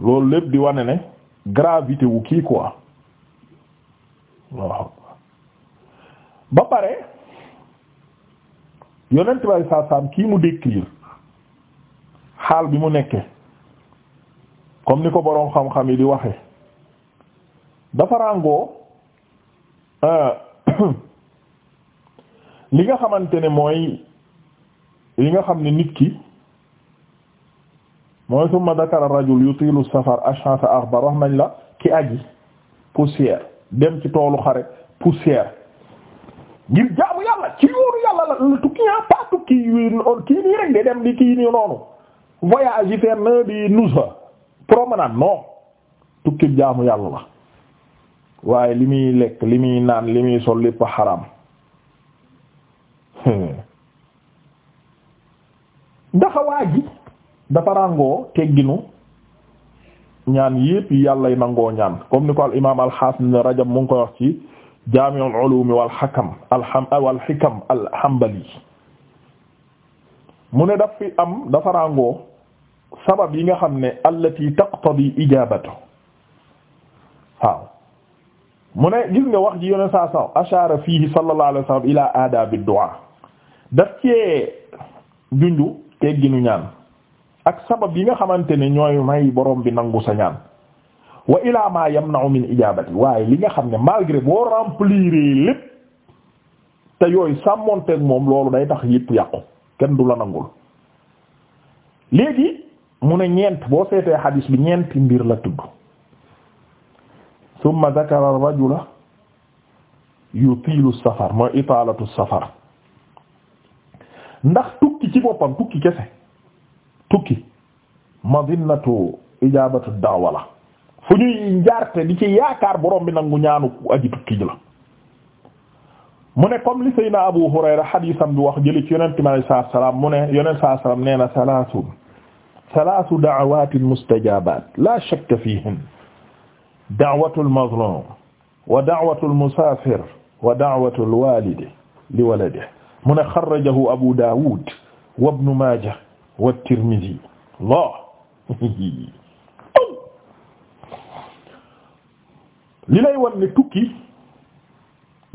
loolu lépp di wane ne gravité wu kii quoi waaw ba pare yonent bay saa kii mu décrire xaal bi mu nekke comme ni ko boroom xam-xam yi di waxe dafa ràngoo euh, li nga xamante ne mooy li nga xam ne nit ki mooy summa dakara rajul yutilu safar ash'asa akhbar wax nañ la ki aji poussière dem ci toolu xare poussière ngir jaamu yàlla ci yoonu yàlla la tukki yaa ah, pas tukki kii nii rek de dem di kii nii noonu voyage yi fenn di nusa promenade non tukki jaamu yàlla la waaye li muy lekk li muy naan li muy sol lépp xaram ndaxa waa dafa ràngoo tegginu ñaan yépp yi yàllay nangoo ñaan comme ni ko al imaam al xaafis Rajab mu ngi koy wax ci jaami'ul ulum wal hakam al ham wal hikam mu ne daf fi am dafa sabab yi nga xam ne allati taqtadi ijaabatu waaw mu ne gis nga wax ji yone saa saa ashaara fiihi sallallahu alayhi wasallam ila aadaabi du'aa daf cee junju tegginu ñaan ak sabab yi nga xamante ne ñooy may borom bi nangu sa ñaan wa ilaa ma yamna'u min ijabati waaye li nga xam ne malgré boo remplir lépp te yooyu sàmmonteeg moom loolu day tax yëpp yàqu kenn du la nangul léegi mu ne ñeent boo seetee xadiis bi ñeenti mbir la tudd thumma dhakara rajula yutilu safar mooy itaalatu safar ndax tukki ci boppam tukki kese tukki madinatu ijabatu da'wa la fu ñuy njaarte di ci yaakaar borom bi nangu ñaanu aji tukki ji la mu ne comme li sayna Abu Hurayra xadiisam bi wax jëli ci yonent mi alayhi salaatu salaam mu ne yonent salaatu salaam nee na salaasun salaasu da'awaatin mustajaabaat laa shakka fiihin da'watul mazluum wa da'watul musaafir wa da'watul waalidi li waladihi mu ne xarrajahu Abu Daawuud wa Ibnu Maajah wa Tirmidhi Allah li lay wan ne tukki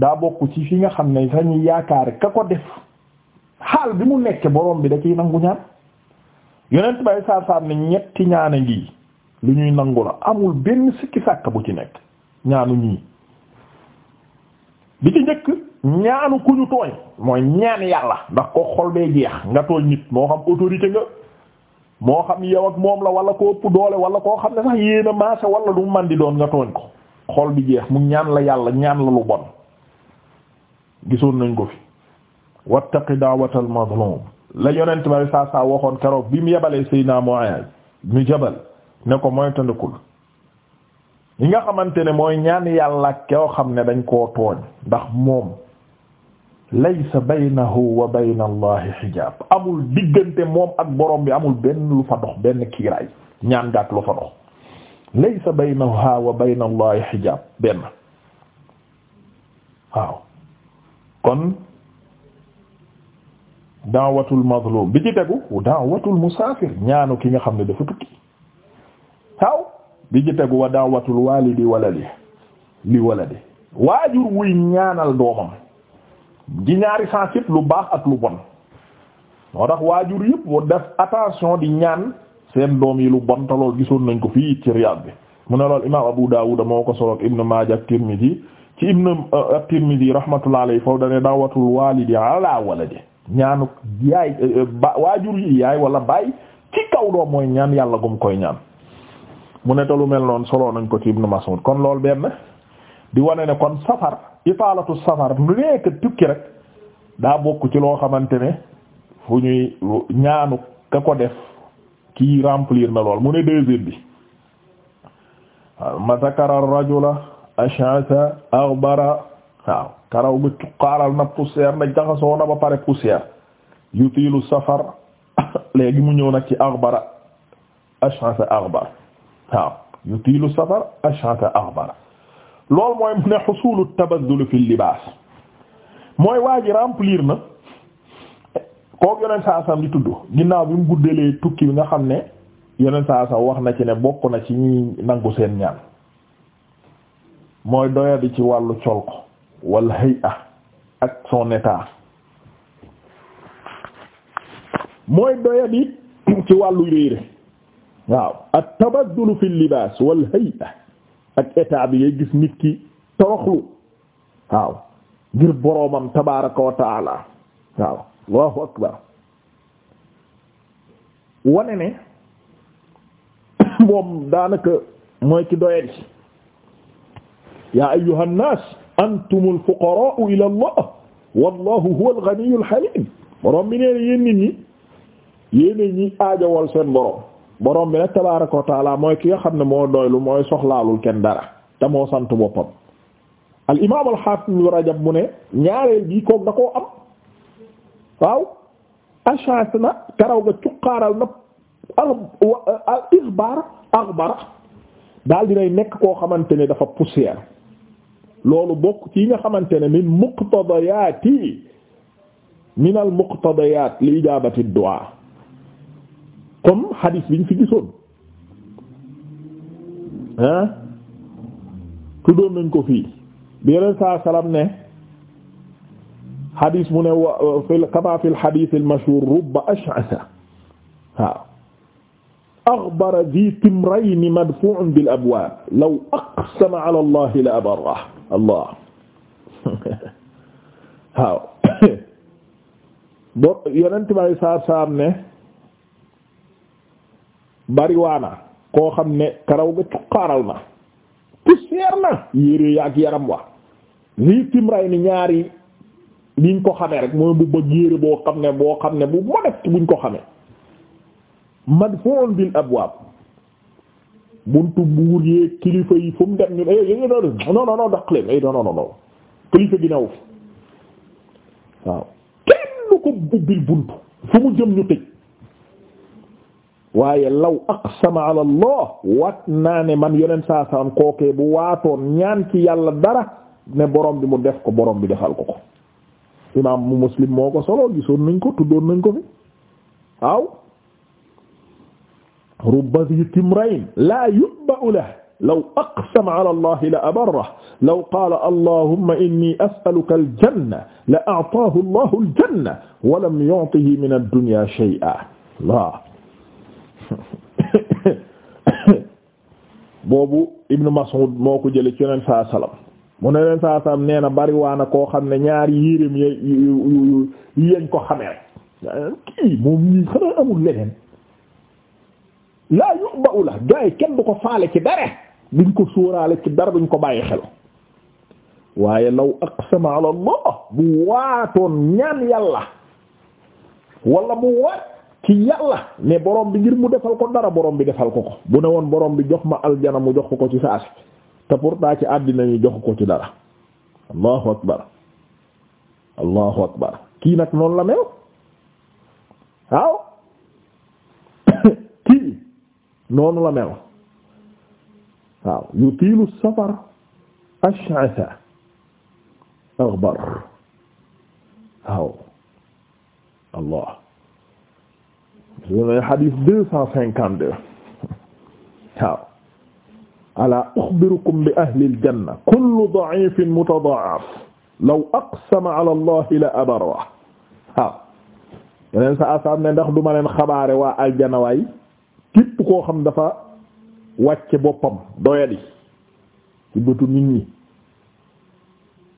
daa bokk ci fi nga xam ne dañuy yaakaar ka ko def xaal bi mu nekkee borom bi da ciy nangu ñaan yonent bay saar saar ne ñetti ñaan a ngi lu ñuy nangu la amul benn sikki sàkk bu ci nekk ñaanu ñii ñaanu ku ñu tooñ mooy ñaan yàlla ndax ko xol bee jeex nga tooñ nit moo xam autorité nga moo xam yow moom la wala ko ëpp doole wala koo xam ne sax yéen maase wala du man di doon nga tooñ ko xol bi jeex mu ñaan la yàlla ñaan la lu bon gisoon nañ ko fi wattaqi da'watal mazlum la yonent ma saa waxoon keroog bi mu yebalee Seydina Mu'adh mu jabal ne ko mooy tëndakul yi nga xamante ne mooy ñaan yàlla koo xam ne dañ koo tooñ ndax moom laysa baynahu wa bayna allahi xijaab amul diggante moom ak borom bi amul benn lu fa dox benn kiiraay ñaan gaak lu fa dox laysa baynaha wa bayna allahi xijaab benn waaw kon daawatul mazlum bi ci tegu daawatul musaafir ñaanu ki nga xam ne dafa tukki waaw bi ci tegu wa daawatul walidi waladi li waladi waajur wuy ñaanal doomam di ñaari sens lu baax ak lu bon moo tax waajur yëpp bu def attention di ñaan seen doom yi lu bon te lool gisoon nañ ko fii ci Riyad bi mu ne lool imaam Abu Dawud moo ko solo ak Ibn Majah ak Tirmidhi ci Ibn at-Tirmidhi euh, rahmatullahi alayhi foofu dane dawatul walidi ala waladi ñaanu yaay euh, euh, waajur yi yaay wala baay ci kaw doom mooy ñaan yàlla gum koy ñaan mu ne te lu mel noonu soloo nañ ko ci Ibn Mas'ud kon lool benn di wane ne kon safar itaalatu safar lu nekk tukki rek daa bokk ci loo xamante ne fu ñuy ñaanu ka ko def kii remplir na lool mu ne deuxième bi ma zakara rajula ash'asa aghbara waaw karaw bi cuqaaral na poussière na jaxasoo na ba pare poussière tiilu safar léegi mu ñëw nag ci aghbara ash'asa aghbara waaw yutilu safar ash'asa loolu mooy mu ne xusulu tabazul fi libaas mooy waa ji remplir na kooku yeneen saa sam di tudd ginnaaw bi mu guddeelee tukki bi nga xam ne yeneen saa sam wax na ci ne bokk na ci ñi nangu seen ñaan mooy doyadi ci wàllu col ko wal hay'a ak son mooy doyadi ci wàllu réere waaw at tabazul fi libaas wal hay'a ak état bi yay gis nit ki toroxlu waaw ngir boroomam tabaraka wa taala waaw allahu akbar wane ne moom daanaka mooy ki doyadi yaa ayyuha nnaas antumul fuqaraa'u ila allah wallahu huwal ghaniyyul haliim borom bi nee na yéen nit ñi yéen ñi aajowal seen borom borom bi nag tabaaraka wa mooy ki nga xam ne moo doylu mooy soxlaalul kenn dara te moo sant boppam al imaam al haafid rajab mu ne ñaareel gii koog da koo am waaw ashaas na karaw ga cuqaaral na al ixbaar axbara daal di nekk koo xamante ne dafa poussière loolu bokk ci nga xamante ne min muqtadayaati min al muqtadayaat li ijaabati du'aa comme xadis biñ fi gisoon ah tuddoon nañ ko fii bi yeneen saa salaam ne xadis mu ne wa fil kama fil xadis al mashhur rubba ash'asa waaw axbara di timrayn madfu'un bil abwaab law aqsama ala allah la abarrah allah waaw bo yeneen tubaab yi saa salaam ne. bariwaana koo xam ne karaw ga cuqaaral na poussière na yére ya ak yaram wa lii timray ni ñaari liñ ko xamee rek mooy bu bëgg yére boo xam ne boo xam ne bu modeste buñ ko xamee madfun bil abwaab buntu buur yeeg kilifa yi fu mu dem ñu eh, eh non non non daqale eh kilifa gi naw waaw kenn ko ubbil buntu fu mu jëm ñu tëj. waaye law aqsama ala allah wat naa ne man yonent saa salam kookee bu waatoon ñaan ci yàlla dara ne borom bi mu def ko borom bi defal ko ko imaam mu muslim moo ko solo gisoon nañ ko tuddoon nañ ko fi waaw rubba dhi timrayn la yubba'u lahu law aqsama ala allah la abarrahu law qaala allahumma inni as'aluka aljanna la a'taahu allahu aljanna wa lam yu'tihi min ad-dunya shay'an la boobu ibnu Mas'ud moo ko jële ci yoneen saa salam mu ne leen saa salam nee na bariwaana koo xam ne ñaari yéreem yu yeñ ko xamee rek kii moom ñii xanaa amul leneen laa yu ba ula gaay kenn du ko faale ci dara duñ ko sóoraale ci dara duñ ko bàyyi xel waaye law aqsama ala Allah waatoon ñaan yàlla wala bu waat ci yàlla ne borom bi ngir mu defal ko dara borom bi defal ko ko bu ne woon borom bi jox ma aljana mu jox ko ko ci saasi te pourtant ci àddina ñu jox ko ci dara allahu akbar allahu akbar kii nag noonu la mel waaw kii noonu la mel waaw yutiilu safar ash'atha waaw allah sunay xadis deux cent cinquante deux waaw alaa uxbirukum bi ahlil janna kullu da'ifin mutadaaf law aqsama allah la abara waaw yeneen sa asaam ne ndax duma leen xabaare waa aljana waay képp koo xam dafa wàcce boppam doyadi ci bëtu nit ñi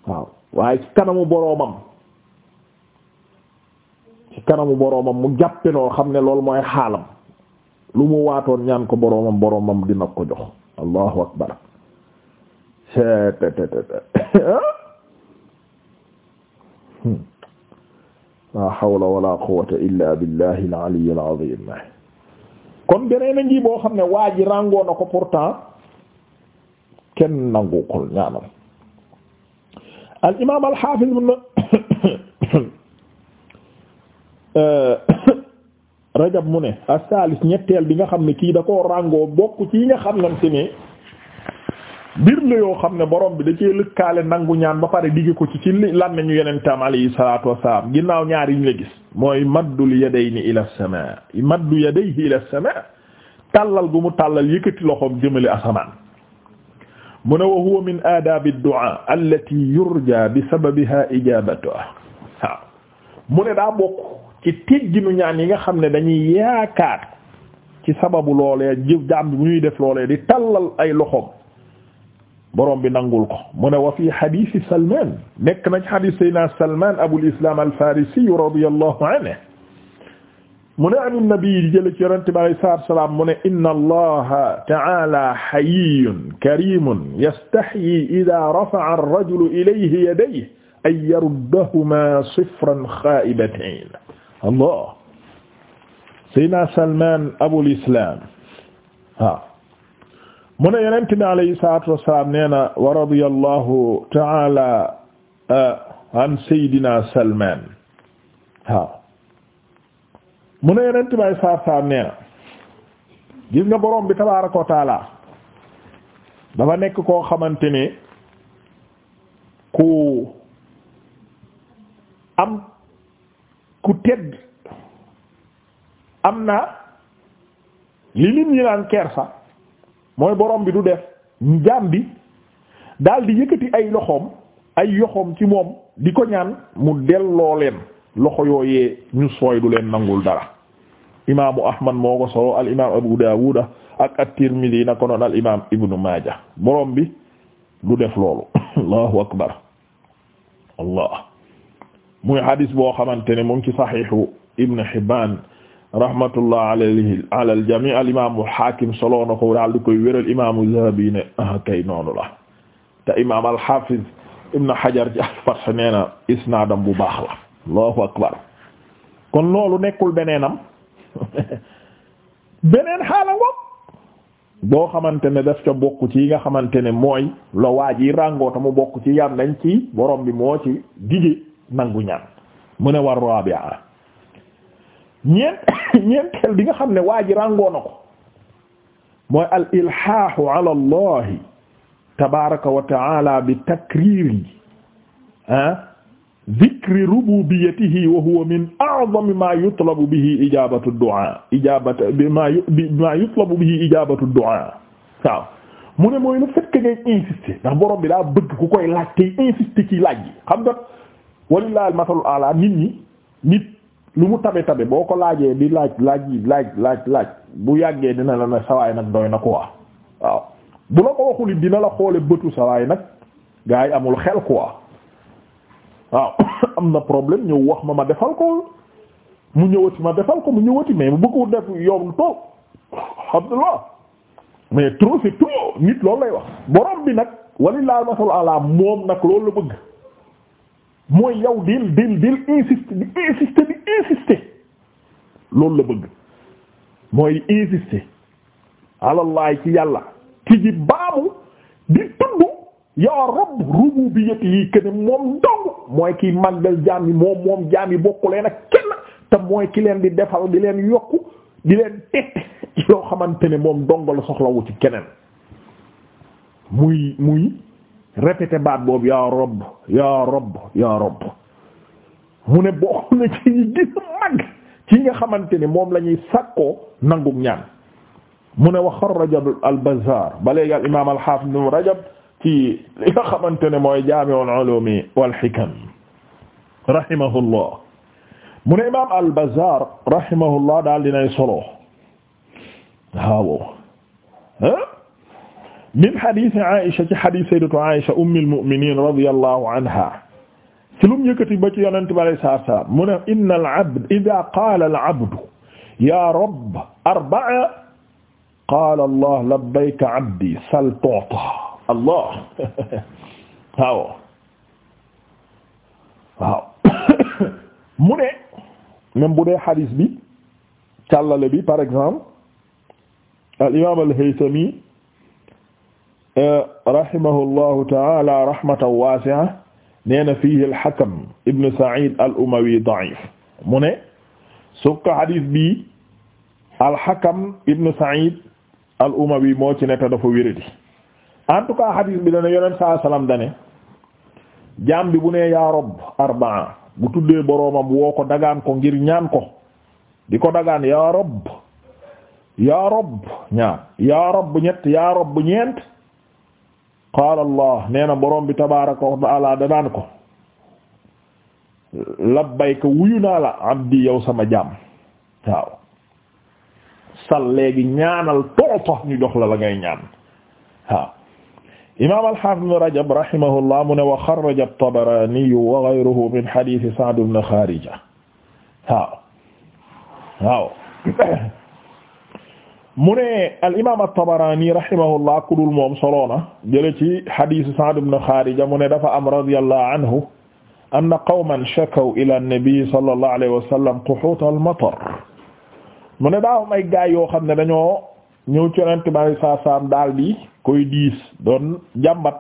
waaw waaye kanamu boroomam ci kanamu boroomam mu jàppe xam ne loolu mooy xaalam lu mu waatoon ñaan ko boroomam boroomam dina ko jox allahu akbar la hawla wala quwwata illa billahi al-ali kon beneen a ngi xam ne waa ji ràngoo na ko pourtant kenn nangu ko ñaanam al imaam Euh, rajab mu ne ak salis ñetteel bi nga xam ne kii da koo ràngoo bokk ci yi nga xam ne ni mbir la yoo xam ne borom bi da cee lëkkaale nangu ñaan ba pare digg ko ci ci lan nañu yenentam alayhi salaatu wassalaam ginnaaw ñaar yi ñu la gis mooy maddul yadayni ila as-samaa maddu yadayhi ila samaa tàllal gu mu tàllal yëkkati loxoom jëmale asamaan mu ne wa huwa min aadaabi ad-du'aa allati yurjaa bi sababihaa ijaabatuhaa waaw mu ne daa bokk ci tegginu ñaan yi nga xam ne dañuy yaakaar ci sababu loolee jëf jaam bi bu ñuy def loolee di tallal ay loxoom borom bi nangul ko mu ne wa fi hadisi salman nekk na ci hadis sayna salman abul islam al farisi radiyallahu anhu mu ne an nabi di jële ci yonente bi alayhi salaatu wa salaam mu ne inna allaha ta'ala hayyun karimun yastahyi idha rafa'a ar-rajulu ilayhi yadayhi an yaruddahuma sifran khaa'ibatayn allah saydna salman abul islam waaw mu ne yonent bi alayhi salatu wassalam nee na wa radiyallahu ta'ala an saydina salman waaw mu ne yonent bi alayhi salatu wassalam nee na gis nga borom bi tabaraka wa taala dafa nekk koo xamante ne ku am ku tedd am na li nit ñi naan kersa mooy borom bi du def jaam bi daal di yëkkati ay loxoom ay yoxoom ci moom di ko ñaan mu delloo leen loxo yooyee ñu sooy du leen nangul dara imaamu ahmad moo ko solo al imaam abu daawuda ak at-tirmidhi na ko al imaam ibnu maaja borom bi du def loolu allahu akbar allah muy hadis boo xamante ne mu ci saxiixu Ibn Hibban rahmatullah alayhi ala al-jamii al-imaamu solo na ko daal di koy wéral imaamu Zahabi ne ah, kay noonu la te imaam al-Haafiz Ibn Hajar ci al-Fath isnaadam bu baax la Allahu akbar kon loolu nekkul beneenam beneen xaala ngoog boo xamante ne daf ca bokk ci yi nga xamante ne mooy la waa ji ràngoo ta mu bokk ci yam nañ ci borom bi moo ci nangu ñaan mu ne war rabi'a ñeent ñeenteel bi nga xam ne waa ji ràngoo na ko mooy al ilhaahu ala allahi tabaraka wa taala bi takriri ah dhikri rububiyatihi wa huwa min a'zami ma yutlabu bihi ijabatu du'a ijabatu bima bima yutlabu bihi ijabatu du'a waaw mu ne mooy le fait que ngay insister ndax borom bi daa bëgg ku koy laaj tey insister ci laaj yi xam nga walillahi matalu masalul a'la nit ñi nit lu mu tabe tabe boo ko laajee di laaj laaj laaj laaj laaj bu yàggee dina la ne sawaay nag doy na quoi waaw bu la ko waxul dina la xoole bëtu sawaay nag gaa yi amul xel quoi waaw am na problème ñëw wax ma ma defal ko mu ñëwati ma defal ko mu ñëwati mais mu bëggu def yow toog alhamdulillah mais trop c'est trop nit loolu lay wax borom bi nag walillahi al-masalul a'la moom nag loolu la bëgg. mooy yow dil dil dil insister di insister di insister loolu la bëgg mooy insister alallaay ci yàlla ki ji baamu di tudd yaa rabb rububiyyati yi ken moom dong mooy kiy màggal jaam yi moom moom jaam yi bokkuleen ak kenn te mooy ki leen di defal di leen yokk di leen tette yoo xamante ne moom dong la soxlawu ci keneen muy muy répété baat boobu yaa robb yaa robb yaa robb mu ne bokk na ci ñi gën mag ci nga xamante ni moom lañuy ñuy sakkoo nangu ñaan mu ne wa xarraja al-Bazzaar ba léegi al imaam al-Haafiz ibn Rajab ci li nga xamante ne mooy Jaami'ul Uluumi wal Hikam rahimahullah mu ne imaam al-Bazzaar rahimahullah daal dinay solo waaw min hadisi Aïcha ci hadis sayyidatu Aïcha ummul mu'minin radiyallahu anha ci lu mu yëkkati ba ci yonent bi alayhi salaatu wa salaam mu ne inna al-abd idha qaala al-abdu ya rabb arba'a qaala Allah labbayka abdi sal tu'ta Allah waaw waaw mu ne même bu dee hadis bi càllale bi par exemple al-imam al-Haythami Eh, rahimahullahu ta'ala rahmatan wasi'a nee na fiihi al-Hakam ibn Sa'id al-Umawi da'if mu ne sukka hadis bi al-Hakam ibn Sa'id al-Umawi moo ci nekk dafa wéradi en tout cas hadis bi dana yonent saa salaam dane jaam bi bu ne yaa Rabb arbaa bu tuddee boroomam woo ko dagaan ko ngir ñaan ko di ko dagaan yaa Rabb yaa Rabb ñaar yaa Rabb ñett yaa Rabb ñeent qaala allah nee na borom bi tabaaraka wa ta'aala danaan ko labbayka wuyu naa la abdi yow sama jaam waaw sal léegi ñaanal tooto ñu jox la la ngay ñaan waaw imaam al-Haafiz ibn Rajab rahimahullah mu ne wa xarraja at-Tabarani wa ghayruhu min hadiisi Sa'd ibn Xaarija waaw waaw mu ne al imaam at-Tabarani rahimahullah kudul moom solo na jële ci hadiis Sa'd ibn Xaarija mu dafa am radiyallahu anhu anna qawman shakaw ila an-nabi sallallahu alayhi wa sallam quhuut al-matar mu ne daa am ay yoo xam ne dañoo ñëw ci Yonent bi daal di koy diis doon jàmbat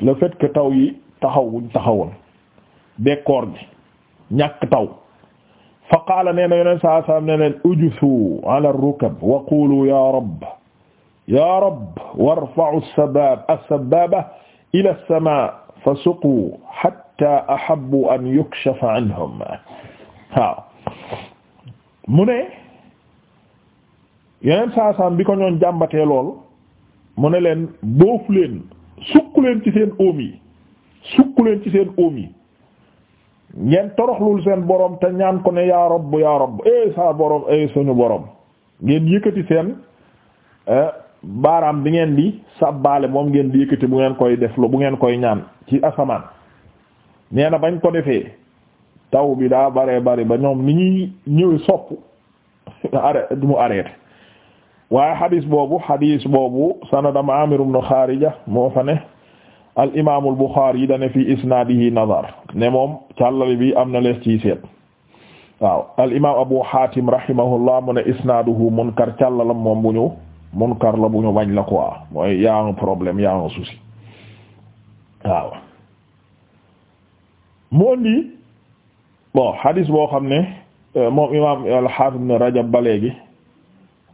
le fait que taw yi taxawuñ taxawoon bekkoor gi ñàkk taw fa qaala nee na yoneen saa sallam ne leen ujsu ala rukab wa qulu ya rabb ya rabb warfa'u as-sabab as-sababa ila as-sama fa suqu hatta ahabbu an yukshafa anhum waaw mu ne yeneen saa sallam bi ko ñoon jàmbatee lool mu ne leen boofu leen sukku leen ci seen óom yi sukku leen ci seen óom yi ngeen toroxlul seen borom te ñaan ko ne yaa rabb yaa rabb eh saa borom eh suñu borom ngeen yëkkati seen eh, baaraam bi ngeen di sabbaale moom ngeen di yëkkati bu ngeen koy def lu bu ngeen koy ñaan ci asamaan nee na bañ ko defee taw bi daa baree bari ba ñoom ni ñuy ñëw sopp du mu arrêté waaye xadiis boobu xadiis boobu sanadam Amir ibn Xaarija moo fa ne al imaamul Buxaari dane fi isnaadihi nazar ne moom càllale bi am na lees ciy seet waaw al imaam Abu Haatim rahimahullah mu ne isnaaduhu munkar càllalam moom bu ñu munkar la bu ñu bañ la quoi mooy y'a un problème y'a un souci waaw mu indi hadis boo xam ne euh, moom imaam al-Haafiz ibn Rajab ba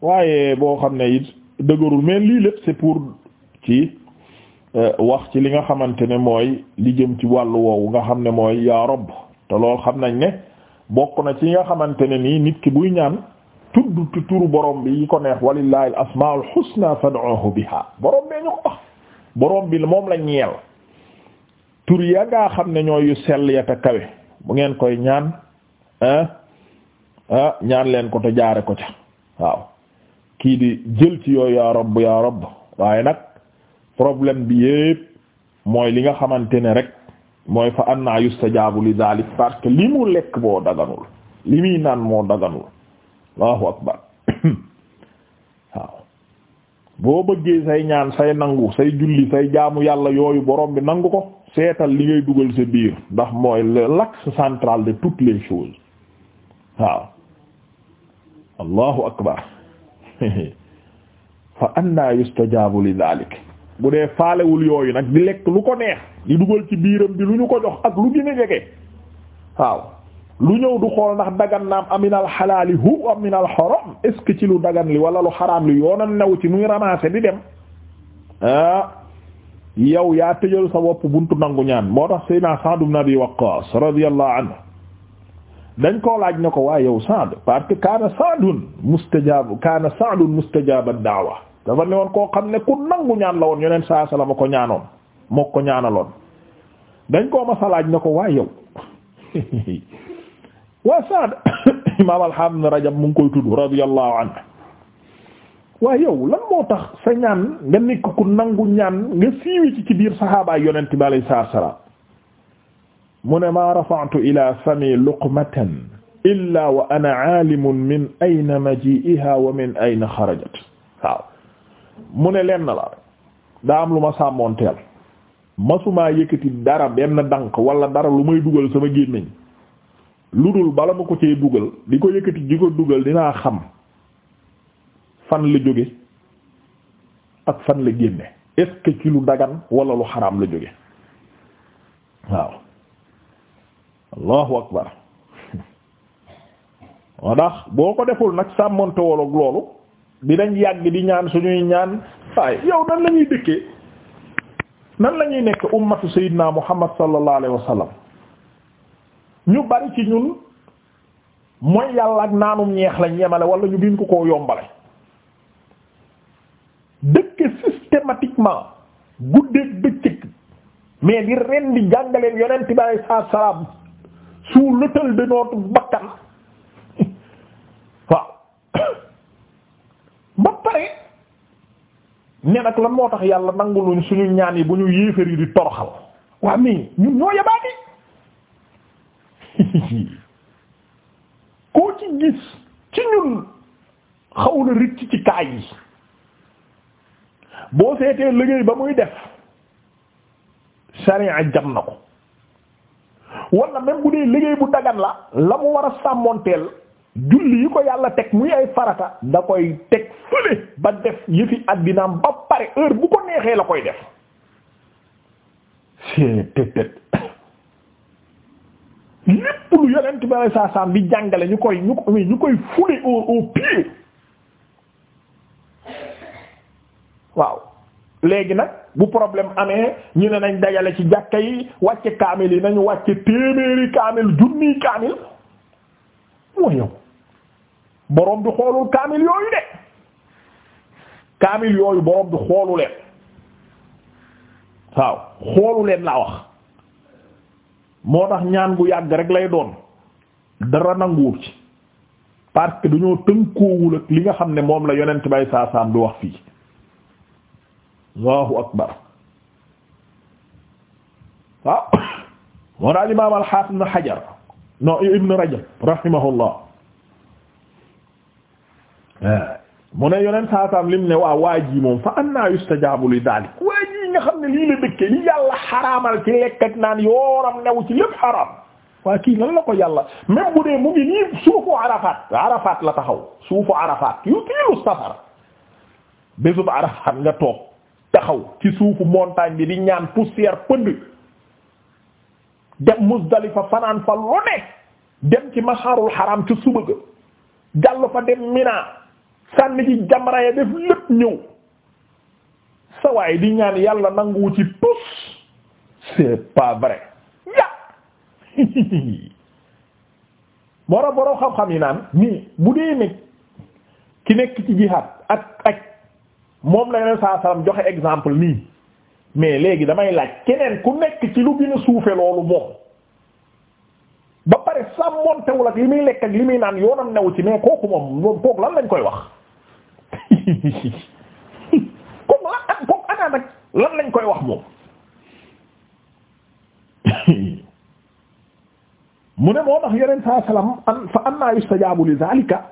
waaye boo xam ne it dëgërul mais lii lépp c'est ci Eh, wax ci li nga xamante ne mooy li jëm ci wàllu woowu nga xam ne mooy yaa rabb te lool xam nañ ne bokk na ci nga xamante ne nii nit ki buy ñaan tudd tu turu borom bi yi ko neex walillahi al asmaul husna fad'uhu biha borom bee ñu ko wax borom bi moom la ñeel tur ya ngaa xam ne ñooy yu sell ya te kawe bu ngeen koy ñaan eh, eh, ñaan leen ko te jaare ko ca waaw kii di jël ci yooyu yaa rabb yaa rabb waaye nag problème bi yépp mooy li nga xamante ne rek mooy fa anna yustajabu li dalik parce que li mu lekk boo daganul li muy naan moo daganul allahu akbar waaw boo bëggee say ñaan say nangu say julli say jaamu yàlla yooyu borom bi nangu ko seetal li ngay dugal sa biir ndax mooy l'axe central de toutes les choses waaw allahu akbar fa anna yustajabu li dalik bu dee faalewul yooyu nag di lekk lu ko neex di dugal ci biiram bi lu ñu ko jox ak lu gën a jege lu ñëw du xool ndax dagan naam aminal xalaali hu aminal xaram est ce ci lu dagan li wala lu xaraam li yoonal new ci muy ramasser di dem ah yow yaa tëjal sa bopp buntu nangu ñaan moo tax Seydina Sa'd ibn Abi Waqqas radiyallahu anhu dañ koo laaj ne ko waa yow Sa'd parce que kaana Sa'dun mustajab kaana Sa'dun mustajab ad dafa ne woon koo xam ne ku ñaan la woon yoneen saa salama ko ñaanoon mook ko ñaanaloon dañ koo masalaaj ne ko waaye yow waa Saad imaam al-Hafiz Rajab mu ngi koy tudd radiyallahu anhu waaye yow lan moo tax sa ñaan mu ne maa rafa'tu ila fami luqmatan illa wa ana min ayna maji'iha wa min ayna xarajat mu ne lenn la daa am lu ma sàmmoon teel masumaa yëkkati dara benn dank wala dara lu may dugal sama gémmiñ lu dul bala ma ko ci dugal di ko yëkkati di ko dugal dinaa xam fan la jóge ak fan la génne est-ce que ci lu dagan wala lu xaraam la jóge waaw allahu akbar wadax boo ko deful nag sàmmoonte woloog loolu dinañ yàgg di ñaan suñuy ñaan waaye yow nan lañuy ñuy dëkkee nan lañuy ñuy nekk ummatu sayyidina muhammad sallallahu alayhi wa sallam ñu bari ci ñun mooy yàlla ak naanum ñeex lañ yemale wala ñu gën ko koo yombale dëkke systématiquement guddeeg bëccëg mais di ren di yonent bi alayhi salaam sous l'autel de notre bakkan pare ne nag lan moo tax yàlla nanguluñ suñu ñaan yi bu ñu yéefar yi di toroxal waa mii ñun ñoo yabaati koo ci gis ci ñun xaw na ricc ci kaay yi boo seetee liggéey ba muy def sariya jam na ko wala même bu dee liggéey bu dagan la la mu war a sàmmoonteel julli yi ko yàlla teg muy ay farata da koy teg fële ba def yëfi addinaam ba pare heure bu ko neexee la koy def tët tët lépp lu yonent bi alei bi jàngale ñu koy ñu ko ñu koy fule au au pied waaw léegi nag bu problème amee ñu ne nañ dajale ci jàkka yi wàcce kaamil yi nañu wàcce téeméeri kaamil junniy kaamil moo yow borom bi xoolul kaamil yooyu de kaamil yooyu borom bi xoolu leen waaw xoolu leen laa wax moo tax ñaan gu yàgg rek lay doon dara nanguwul ci parce que dañoo tënkoowul ak li nga xam ne moom la yonent bay saasaam bi wax fii allahu akbar waaw moo daal imaam alxaafis na xajar non ibn Rajab rahimahullah mu ne yoneen saasaam lim ne waa waa ji moom annaa anna yustajabu li daalik waa ji xam ne lii la dëkke li yàlla xaraamal ci lekk naan yooram new ci lépp xaraam waa kii lan la ko yàlla même dee mu ngi nii suufu Arafat Arafat la taxaw suufu Arafat yu tiilu safar bésub Arafat nga toog taxaw ci suufu montagne bi di ñaan poussière pënd dem Muzdalifa fanaan fa lu ne dem ci masharul haram ca suba ga jàll fa dem Mina sànni ci ya def lépp ñëw sa di ñaan yàlla nanguwu ci tous c'est pas vrai ya boro boro xam-xam yi naan nii bu dee nekk ki nekk ci jihaad ak ak moom la yeneen saa salaam joxe exemple nii mais léegi damay laaj keneen ku nekk ci lu gën a suufe loolu moom ba pare sàmmontewul ak li muy lekk ak li muy naan yoonam new ci mais kooku moom moom kooku lan lañ koy wax kooku lan lan lañ koy wax moom mu ne moo a yeneen saa salaam an fa anna yustajabu li zalika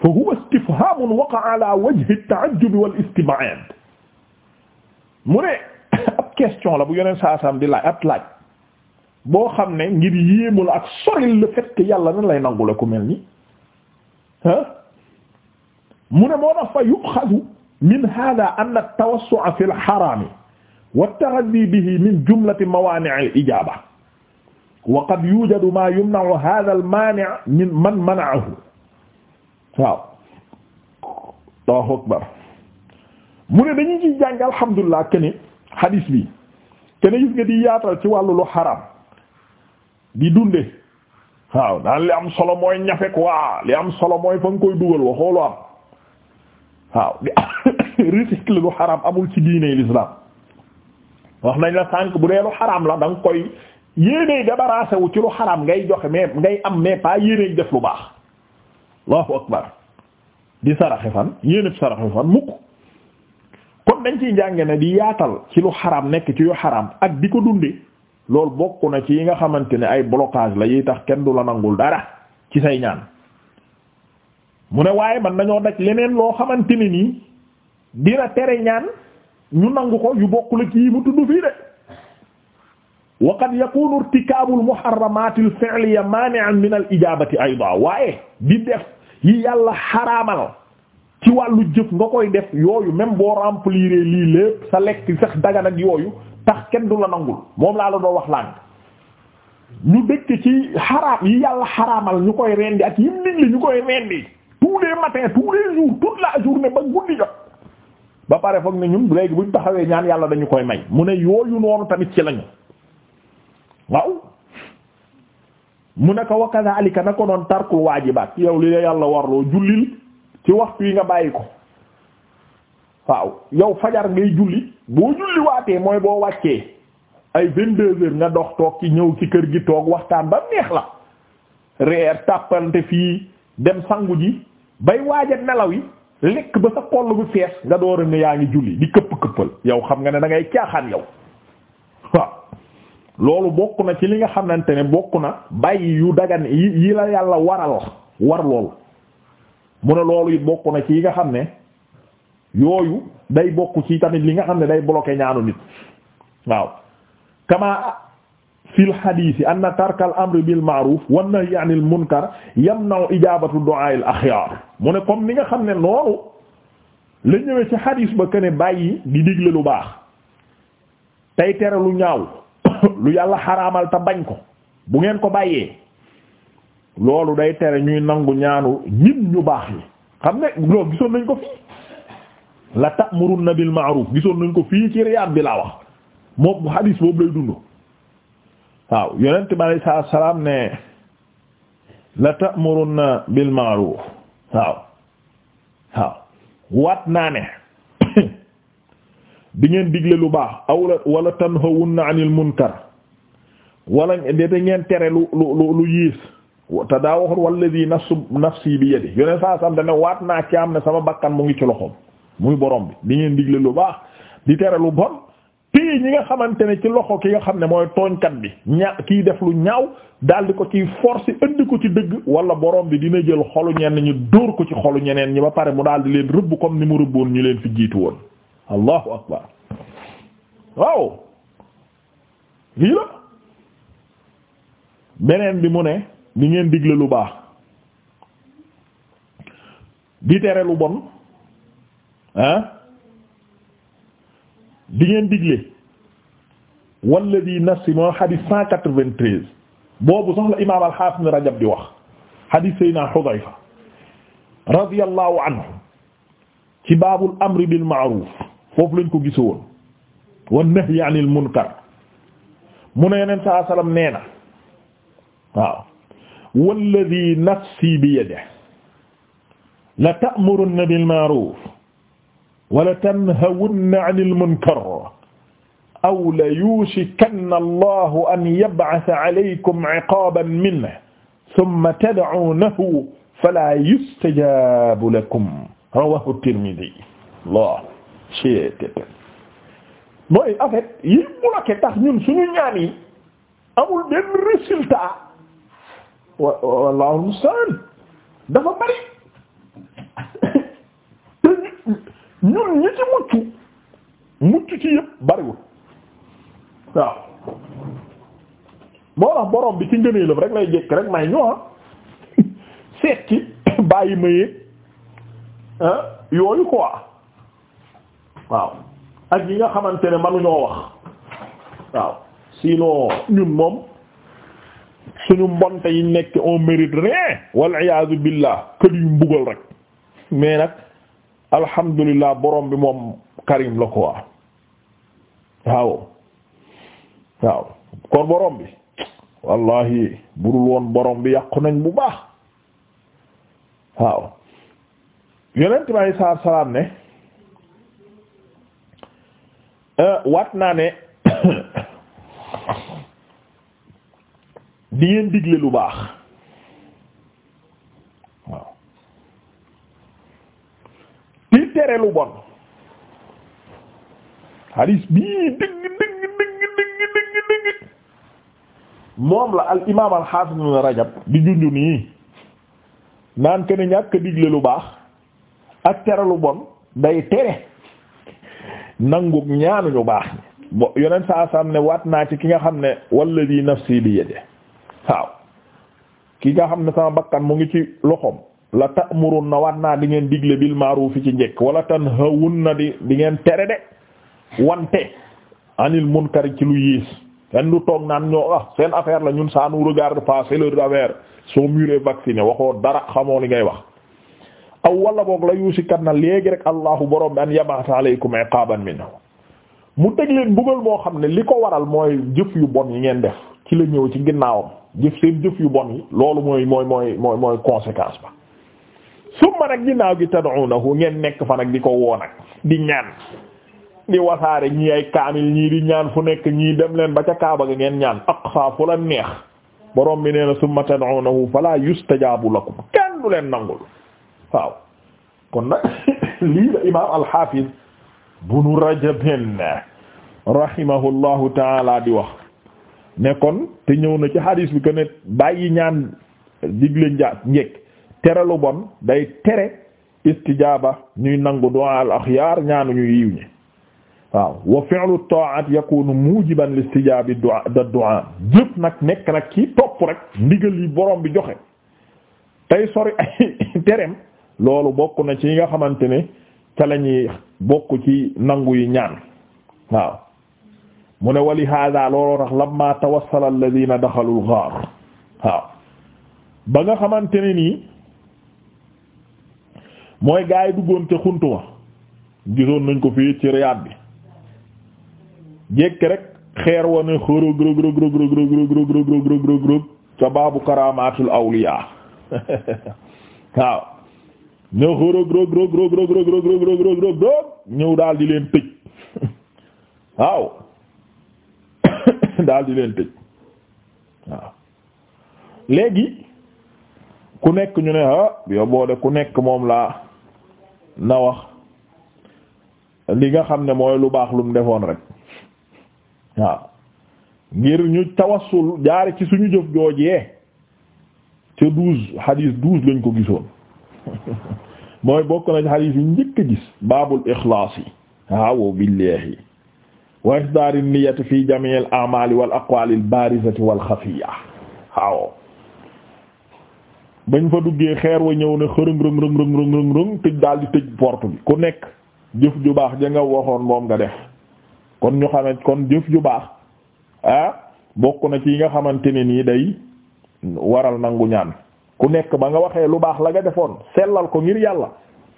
fa huwa istifhamun waqa ala wajhi at-ta'ajjub wal istim'ad mune question la bu yeneen saasam di laaj ab boo xam ne ngir yéemu ak soril le fait que yàlla nan lay nangule ku mel ni ah mu ne moo tax fa yuxazu min hada anna tawassu'a fi al-harami wa bihi min jumlati mawani' al wa qad ma yumna'u hada al min man mana'ahu waaw Allahu akbar mu ne dañu ciy jàng alhamdulilah kene hadis bi kene gis nga di yaatal ci wàllu lu xaram di dunde waaw daan li am solo mooy ñafe quoi li am solo mooy fa nga koy dugal waxoo lu am waaw di recycle lu xaram amul ci diine l'islam wax nañ la sànq bu dee lu xaram la da nga koy yéeney débarrassé wu ci lu xaram ngay joxe mais ngay am mais pas yéeney def lu baax allahu akbar di saraxe fan yéene fan mukk kon dañ ciy njànge ne di yaatal ci lu xaraam nekk ci yu xaraam ak di ko dunde lool bokk na ci yi nga xamante ne ay blocage la yi tax kenn du la nangul dara ci say ñaan mu ne waaye man dañoo daj leneen loo xamante ne nii dina tere ñaan ñu nangu ko yu bokk la ci yi mu tudd fii de wa qad yakunu irtikaabul muharramaatil fi'liya maani'an min al ijaabati ayda waaye di def yi yàlla xaraamal ci wàllu jëf nga koy def yooyu même boo remplir lii lépp sa lekk sax dagan ak yooyu tax kenn du la nangul moom laa la doo wax lànk ñu dëkk ci xaraam yi yàlla xaraamal ñu koy rendi ak yim nit li ñu koy rendi tous les matins tous les jours toute la ba guddi jot ba pare foog ne ñun léegi buñ taxawee ñaan yàlla dañu koy may mu ne yooyu noonu tamit ci lañu waaw mu ne ko wa kadhalika na ko noon tarkul waajibaat yow li la yàlla warloo jullil ci waxtu yi nga bàyyi ko waaw yow fajar ngay julli boo julli waatee mooy boo wàccee ay vingt-deux heures nga dox toog ci ñëw ci kër gi toog waxtaan ba neex la reer tàppante fii dem sangu ji bay waaja nelaw yi lekk ba sa koll bu fees nga door ne yaa ngi julli di këpp këppal yow xam nga ne dangay ngay caaxaan yow loolu bokk na ci li nga xamante ne bokk na bàyyi yu dagan yi la yàlla waral war lool mu ne loolu it bokk na ci yi nga xam ne yooyu day bokk ci tamit li nga xam ne day bloquer ñaanu nit waaw kama fil hadisi anna tarkal amri bil ma'ruf wan nahyi anil munkar yamna'u ijabatu du'a al akhyar mu ne comme ni nga xam ne noonu la ñëwee ci hadis ba que bàyyi di digle lu baax tey tere lu ñaaw lu yàlla xaraamal te bañ ko bu ngeen ko bàyyee loolu day tere ñuy nangu ñaanu nit ñu baax yi xam nga loolu gisoon nañ ko fii la ta'muruna bil ma'ruf gisoon nañ ko fii ci Riyad bi laa wax moom hadis boobu lay dund waaw yonent bi alayhi salaam ne la ta'muruna bil ma'ruf waaw waaw waat naa ne di ngeen digle lu baax aw la wala tanhawunna 'anil munkar wala dete ngeen tere lu lu lu yiis te daa waxoon walladi nafsu nafsi bi yadi yoneen saa sam dane waat naa ci am ne sama bakkan mu ngi ci loxoom muy borom bi di ngeen digle lu baax di tere lu bon tii ñi nga xamante ne ci loxo ki nga xam ne mooy tooñkat bi ña kii def lu ñaaw daldi ko ciy force indi ko ci dëgg wala borom bi dina jël xolu ñenn ñi dóor ko ci xolu ñeneen ñi ba pare mu daal di leen rëbb comme ni mu rëbboon ñu leen fi jiitu woon allahu akbar waaw lii la beneen bi mu ne di ngeen digle lu baax di tere lu bon ah di ngeen digle walladi nafsi moo xadis cent boobu sax imaam al-Hafiz ibn Rajab di wax xadis Seydina Hudayfa radiyallahu anhu ci baabul amri bil ma'ruf foofu lañ ko gisoon wan nahyi anil munkar mu ne yeneen saa salaam nee na waaw walladi nafsi biyadihi la ta'murunna bil ma'ruf wa la tanhawunna 'anil munkar aw la yushikanna Allahu an yab'atha 'alaykum 'iqaban minhu thumma tad'unahu fala yustajabu lakum rawahu Tirmidhi Allah mooy en fait yi mu la tax ñun suñu ñaan yi amul benn résultat wallaahu musta'aan dafa bari te ñun ñi ci mucc mucc ci yëpp bariwul waaw moo tax borom bi ci ngëneelam rek lay jëkk rek may ñoo ah. seet ci bàyyi ma yéeg ah, yooyu quoi waaw ak yi nga xamante ne manuñoo wax waaw sinon ñun moom suñu mbonte yi nekk on mérite rien wal iyaazu billah kër yu mbugal rek mais nag alhamdulillah borom bi moom karim la ko waa waaw waaw kon borom bi wallahi burul woon borom bi yàqu nañ bu baax waaw yonent bi alayhi salaam ne euh, waat naa ne di ngeen digle lu baax waaw di tere lu bon hadis bii dëgg dëgg dëgg dëgg dëgg dëgg moom la al imaam al haafis ibn Rajab di junju nii ñàkk digle lu baax ak tere lu bon day tere nangu ñaanuñu baax bo- yonent saa saam ne waat naa ci ki nga xam ne walladi nafsi bi yede waaw ki nga xam ne sama bakkan mu ngi ci loxoom la ta'murun na waat naa di ngeen digle bil ma'rufi ci njekk wala tanhawun na di di ngeen tere de wante anil munkar ci lu yiis kenn du toog naan ñoo ah seen affaire la ñun ça nous regarde pas c'est leur affaire soo muré vacciné waxoo dara xamoo li ngay wax aw wala boog la yuusikat na léegi rek allahu borom bi an yab'atha alaykum iqaban minhu mu teg leen mbugal moo xam ne li ko waral mooy jëf yu bon yi ngeen def ci la ñëw ci ginnaawam jëf seen jëf yu bon yi loolu mooy mooy mooy mooy mooy conséquence ba summa nag ginnaaw gi tad'unahu ngeen nekk fa nag di ko woo nag di ñaan di wasaare ñii ay kaamil ñii di ñaan fu nekk ñii dem leen ba ca kaaba ga ngeen ñaan aqsa fu la neex borom bi nee na summa tad'unahu fala yustajabu lakum kenn du leen nangul waaw kon nag lii la imaam al-Hafiz bunu Rajab rahimahullahu ta'ala di wax ne kon te ñëw na ci hadis bi que ne bàyyi ñaan digle nja njekk tere lu bon day tere istijaaba ñuy nangu du'a al axyaar ñaanu ñu yiw ñi waaw wa fi'lu ta'at yakunu mujiban li istijaabi du'a da du'a jëf nag nekk nag ki topp rekk ndigal yi borom bi joxe tey sori ay tereem loolu bokk na ci nga xamante ne ca lañuy bokk ci nangu yi ñaan waaw mu ne wali hada looloo tax lamma tawassala alladhina daxalu al-ghaar waaw ba nga xamante ne nii mooy gaay duggoon te xuntuma gisoon nañ ko fii ci Riyad bi jekk rek xeer wa ne xërëg rëg rëg rëg rëg rëg rëg rëg ca baabu karamaatul awliyaa waaw ne xërëg ñëw daal di leen tëj waaw daal di leen tëj waaw léegi ku nekk ñu ne ah yow boo de ku nekk moom laa na wax li nga xam ne mooy lu baax lu mu defoon rek waaw ngir ñu tawassul jaare ci suñu jëf joojee ca douze xadiis douze lañ ko gisoon mooy bokk na ci xadiis yi njëkk gis baabul ixlaas yi waaw billaahi wa ihdaari niyyati fi jamii al a'maali wal aqwaali al baarizati wal xafiya waaw bañ fa duggee xeer wa ñëw ne xërëng rëng rëng rëng tëj daal di tëj porte bi ku nekk jëf ju baax ja nga waxoon moom nga def kon ñu xamante kon jëf ju baax ah bokk na ci yi nga xamante ne nii day waral nangu ñaan ku nekk ba nga waxee lu baax la nga defoon sellal ko ngir yàlla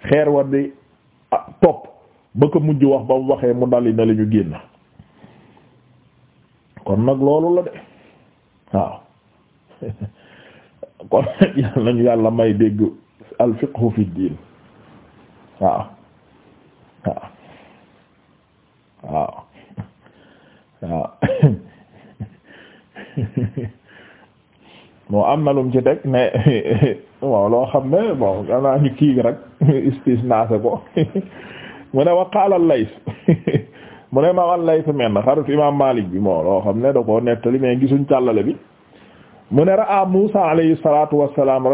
xeer wa di ah, topp ba ko mujj wax ba mu waxee mu dali na ñu génn kon nag loolu la de waaw kon yàlla nañu yàlla may dégg al fiqhu fi diin waaw waaw waaw waaw moo am na lum ci teg ne waaw loo xam ne bon ganaa ñu kii rek istisnaase ko mu ne wa qaala Lays mu ne ma lay fi mel na xaritu imaam Maalik bi moo loo xam ne mu ne ra'a Muusa alayhi salaatu wa salaam mu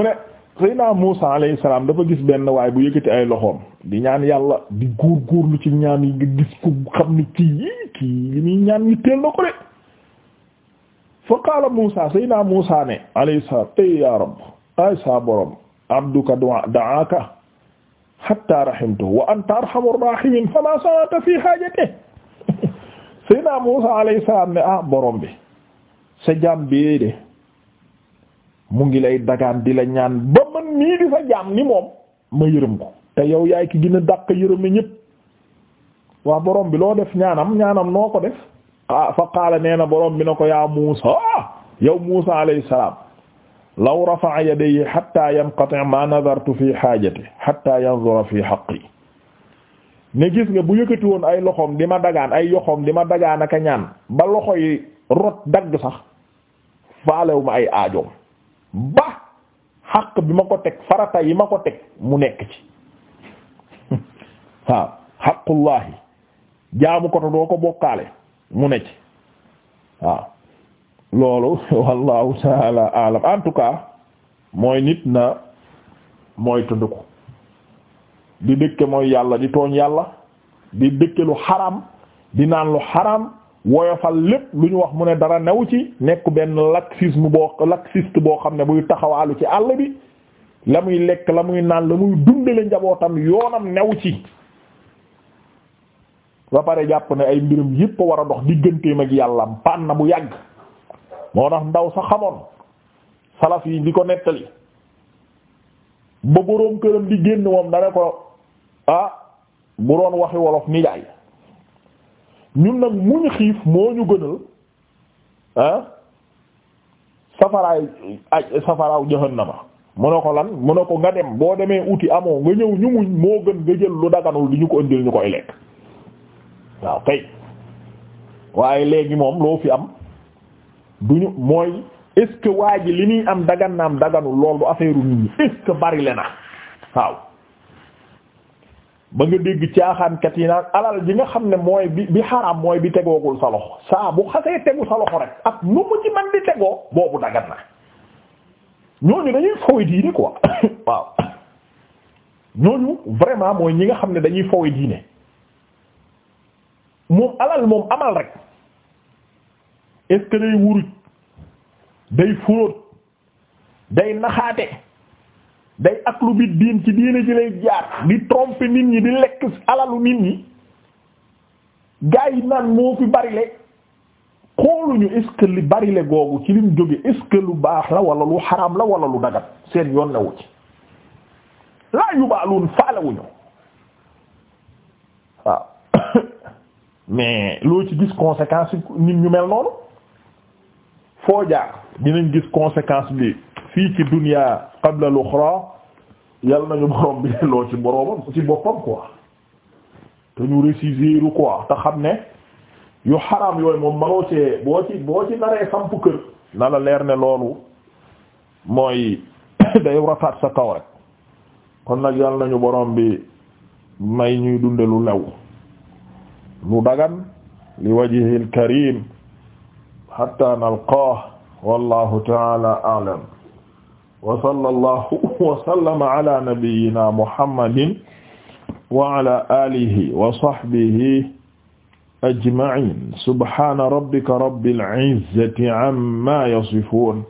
ne Seydina Muusa alayhi salaam dafa gis benn waay bu yëkkati ay loxoom di ñaan yàlla di góorgóorlu ci ñaan yi gis ko xam ne kii yii kii yi muy ñaan yi na ko de fa qaala Muusaa Seydina Muusaa ne alayhi salaam ay yaa rabb ay saa borom abduka da'aaka hatta rahimtuhu wa anta arhamur rahimin fama sana'ta fi haajatihi Seydina Muusaa alayhi salaam ne ah borom bi sa jaam bi ngi lay dagaan di la ñaan ba man nii yërëm ko te yow yaay ki gën a dàq yërëme ñépp waa borom bi loo def ñaanam ñaanam noo ko def Ah, fa qaala nee na borom bi na ko yaa Muusa yow Muusa alayhi salaam law rafa'a yadayhi hatta yanqati' ma nadartu fi haajati hatta yanzura fi haqqi ne gis nga bu yëkkati woon ay loxoom di ma dagaan ay yoxoom di ma dagaan ak a ñaan ba loxo yi rot dagg sax faalewu ma ay aajoom ba xaq bi ma ko teg farata yi ma ko teg mu nekk ci waaw xaqullahi jaamu ko te doo ko bokkaale mu ne ci waaw loolu wallahu taala alam en mooy nit na mooy tunduku di dëkke mooy yàlla di tooñ yàlla di dëkke lu xaram di naan lu xaram woyofal lépp lu ñu wax mu ne dara new ci nekk benn laxisme boo laxiste boo xam ne buy taxawaalu ci àll bi la muy lekk la muy naan la muy dundale njabootam yoonam new ci ba pare jàpp ne ay mbirum yëpp a war a dox digganteem ak yàllam pan na bu yàgg moo tax ndaw sa xamoon salaf yi di ko nettali ba boroom di génn moom dana ko ah bu doon waxi wolof ni ñun nag muñ xiif moo ñu gënal ah safaraay aj safaraaw jahannama mu ne ko lan mun ne ko nga dem boo demee uti amoo nga ñëw ñu muñ moo gën nga jël lu daganul di ñu ko ëndil ñu koy lekk waaw kay waaye léegi moom loo fi am duñu mooy est-ce waa ji li muy am dagan naam daganul lool bu affaire nit ñi est le na waaw ba nga dégg caaxaankat yi naan alal ji nga xam ne mooy bi bi xaraam mooy bi tegoogul sa loxo saa bu xasee tegu sa loxo rek ak nu mu ci man di tegoo boobu dagan na ñooñu dañuy fowe diine quoi waaw ñooñu vraiment mooy ñi nga xam ne dañuy fowe diine moom alal moom amal rek est day wuruj day fóot day naxaate day lu bit diin ci diine ji lay jaar di tromper nit ñi di lekk alalu nit ñi gaa yi naan moo fi barile xooluñu est-ce que li barile googu ci lim jóge est lu baax la wala lu xaraam la wala lu dagat seen yoon newu ci laa yubaaluun faalewuñu waaw mais loo ci gis conséquence nit ñu mel noonu foo jaar dinañ gis conséquence bi fii ci dunya qabla al-ukhra nañu borom bi loo ci boromam ci boppam quoi te ñu réciser quoi te xam ne yu xaram yooyu moom manoo cee boo ci boo ci naree samp kër na la leer ne loolu mooy day rafaat sa kaw rek kon nag yal nañu borom bi may ñuy dunde lu lew lu dagan li wajhihil karim hatta nalqaah wallahu ta'ala a'lam wa sallallahu wa sallama ala nabiyyina muhammadin wa ala alihi wa sahbihi ajma'in subhana rabbika rabbil izzati amma yasifun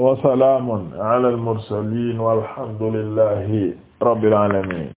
wa salamun ala al mursalin walhamdulillahi rabbil alamin